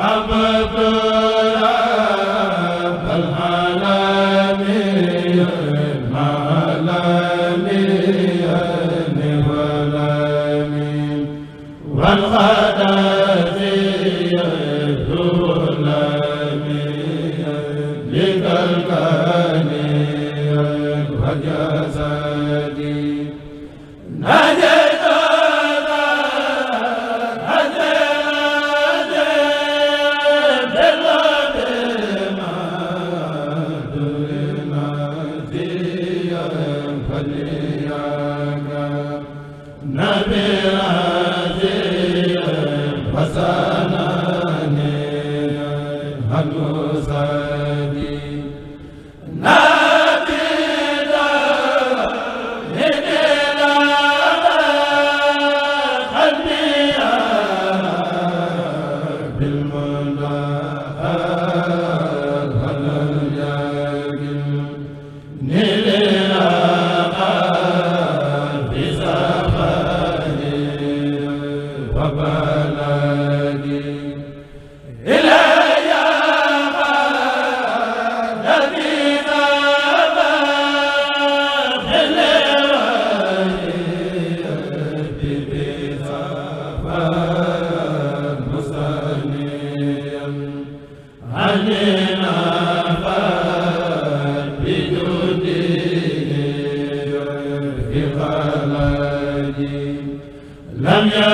Alba lam ya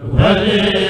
wali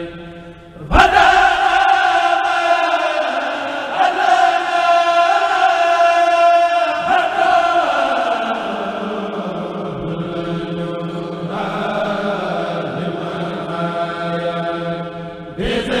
bi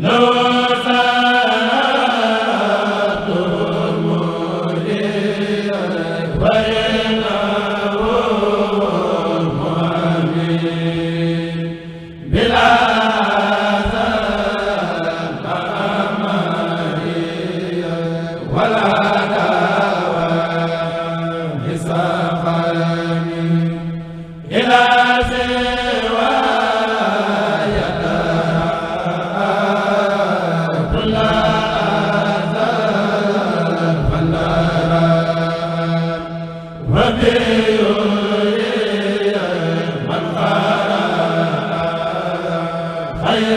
No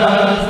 la